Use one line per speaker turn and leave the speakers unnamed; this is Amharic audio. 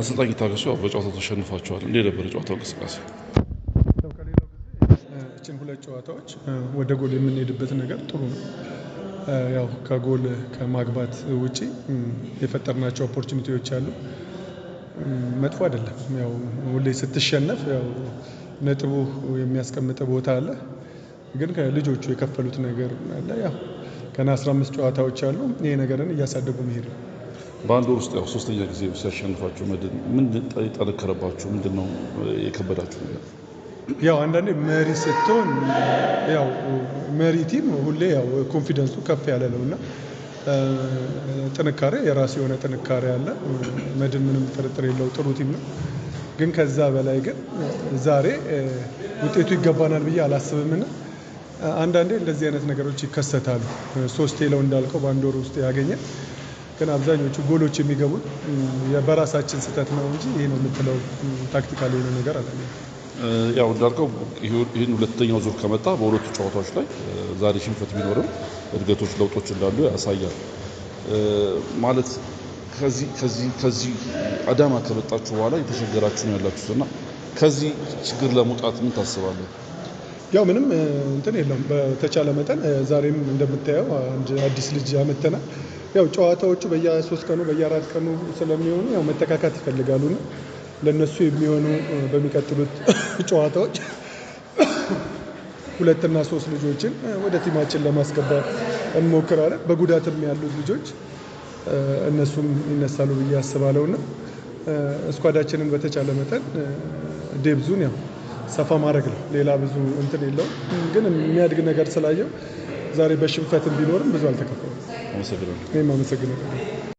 አሰልጣኝ ታገሱ ያው በጨዋታው ተሸንፋቸዋል። እንዴት ነበር የጨዋታው እንቅስቃሴ?
እችን ሁለት ጨዋታዎች ወደ ጎል የምንሄድበት ነገር ጥሩ ነው። ያው ከጎል ከማግባት ውጪ የፈጠርናቸው ኦፖርቹኒቲዎች አሉ። መጥፎ አይደለም። ያው ሁሌ ስትሸነፍ ያው ነጥቡ የሚያስቀምጥ ቦታ አለ። ግን ከልጆቹ የከፈሉት ነገር አለ። ያው ከና 15 ጨዋታዎች አሉ። ይሄ ነገርን እያሳደጉ መሄድ ነው። በአንድ ወር ውስጥ ያው ሶስተኛ ጊዜ ሲያሸንፋችሁ ምንድን የጠነከረባችሁ ምንድን ነው የከበዳችሁ ነገር? ያው አንዳንዴ መሪ ስትሆን ያው መሪ ቲም ሁሌ ያው ኮንፊደንሱ ከፍ ያለ ነው እና ጥንካሬ የራሱ የሆነ ጥንካሬ አለ። መድን ምንም ጥርጥር የለው ጥሩ ቲም ነው። ግን ከዛ በላይ ግን ዛሬ ውጤቱ ይገባናል ብዬ አላስብምና አንዳንዴ እንደዚህ አይነት ነገሮች ይከሰታሉ። ሶስት ሌለው እንዳልከው በአንድ ወር ውስጥ ያገኘ ግን አብዛኞቹ ጎሎች የሚገቡት በራሳችን ስህተት ነው እንጂ ይህ ነው የምትለው ታክቲካል የሆነ ነገር አለ። ያው እንዳልከው ይህን ሁለተኛው ዙር ከመጣ በሁለቱ ጨዋታዎች ላይ ዛሬ ሽንፈት ቢኖርም እድገቶች፣ ለውጦች እንዳሉ ያሳያል ማለት ከዚህ አዳማ ከመጣችሁ በኋላ የተቸገራችሁ ነው ያላችሁት እና ከዚህ ችግር ለመውጣት ምን ታስባለህ? ያው ምንም እንትን የለውም። በተቻለ መጠን ዛሬም እንደምታየው አንድ አዲስ ልጅ አመተናል። ያው ጨዋታዎቹ በየሶስት ቀኑ በየአራት ቀኑ ስለሚሆኑ ያው መተካካት ና። ለእነሱ የሚሆኑ በሚቀጥሉት ጨዋታዎች ሁለትና ሶስት ልጆችን ወደ ቲማችን ለማስገባት እንሞክራለን። በጉዳትም ያሉት ልጆች እነሱም ይነሳሉ ብዬ ና እስኳዳችንን በተቻለ መጠን ዴብዙን ያው ሰፋ ማድረግ ነው። ሌላ ብዙ እንትን የለውም። ግን የሚያድግ ነገር ስላየው ዛሬ በሽንፈትም ቢኖርም ብዙ አልተከፈሉም። አመሰግናለሁ። እኔም አመሰግናለሁ።